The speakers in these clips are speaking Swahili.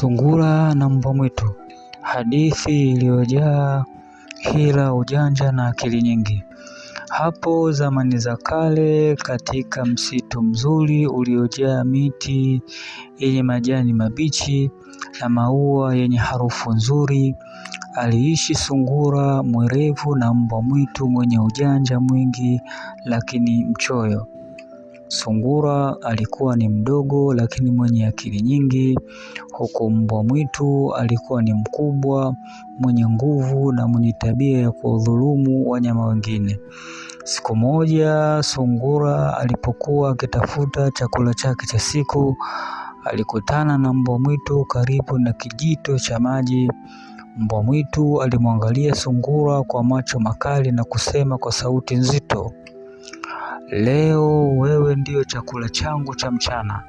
sungura na mbwa mwitu, hadithi iliyojaa hila, ujanja na akili nyingi. Hapo zamani za kale, katika msitu mzuri uliojaa miti yenye majani mabichi na maua yenye harufu nzuri, aliishi sungura mwerevu na mbwa mwitu mwenye ujanja mwingi lakini mchoyo. Sungura alikuwa ni mdogo lakini mwenye akili nyingi, huku mbwa mwitu alikuwa ni mkubwa, mwenye nguvu na mwenye tabia ya kuwadhulumu wanyama wengine. Siku moja Sungura alipokuwa akitafuta chakula chake cha siku, alikutana na mbwa mwitu karibu na kijito cha maji. Mbwa mwitu alimwangalia Sungura kwa macho makali na kusema kwa sauti nzito. Leo wewe ndiyo chakula changu cha mchana.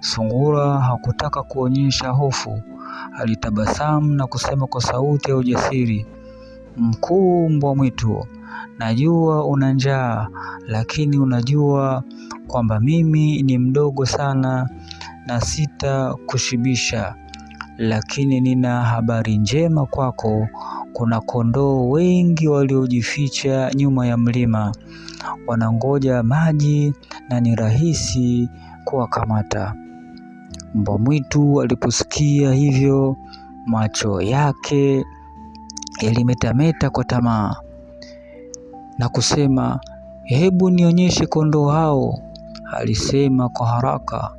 Sungura hakutaka kuonyesha hofu, alitabasamu na kusema kwa sauti ya ujasiri, mkuu mbwa mwitu, najua una njaa, lakini unajua kwamba mimi ni mdogo sana na sitakushibisha, lakini nina habari njema kwako, kuna kondoo wengi waliojificha nyuma ya mlima, wanangoja maji na ni rahisi kuwakamata. Mbwa mwitu aliposikia hivyo, macho yake yalimetameta kwa tamaa na kusema, hebu nionyeshe kondoo hao, alisema kwa haraka.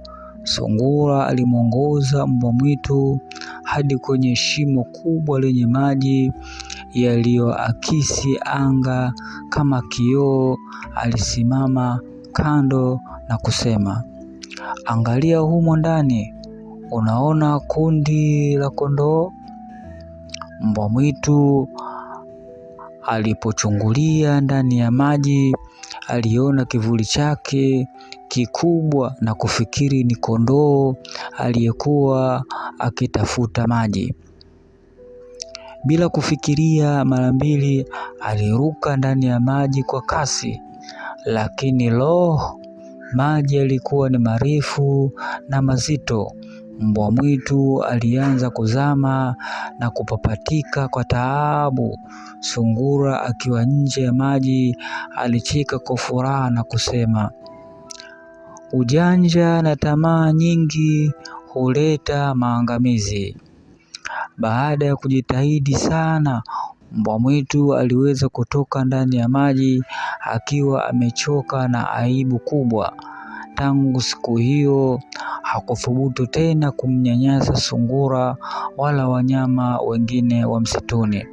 Sungura alimwongoza mbwa mwitu hadi kwenye shimo kubwa lenye maji yaliyoakisi anga kama kioo. Alisimama kando na kusema, angalia humo ndani, unaona kundi la kondoo? Mbwa mwitu alipochungulia ndani ya maji aliona kivuli chake kikubwa na kufikiri ni kondoo aliyekuwa akitafuta maji. Bila kufikiria mara mbili, aliruka ndani ya maji kwa kasi, lakini lo, maji yalikuwa ni marefu na mazito Mbwa mwitu alianza kuzama na kupapatika kwa taabu. Sungura akiwa nje ya maji alicheka kwa furaha na kusema, ujanja na tamaa nyingi huleta maangamizi. Baada ya kujitahidi sana, mbwa mwitu aliweza kutoka ndani ya maji akiwa amechoka na aibu kubwa. Tangu siku hiyo, hakuthubutu tena kumnyanyasa sungura wala wanyama wengine wa msituni.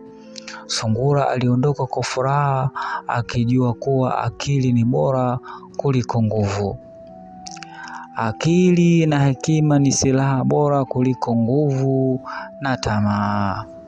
Sungura aliondoka kwa furaha akijua kuwa akili ni bora kuliko nguvu. Akili na hekima ni silaha bora kuliko nguvu na tamaa.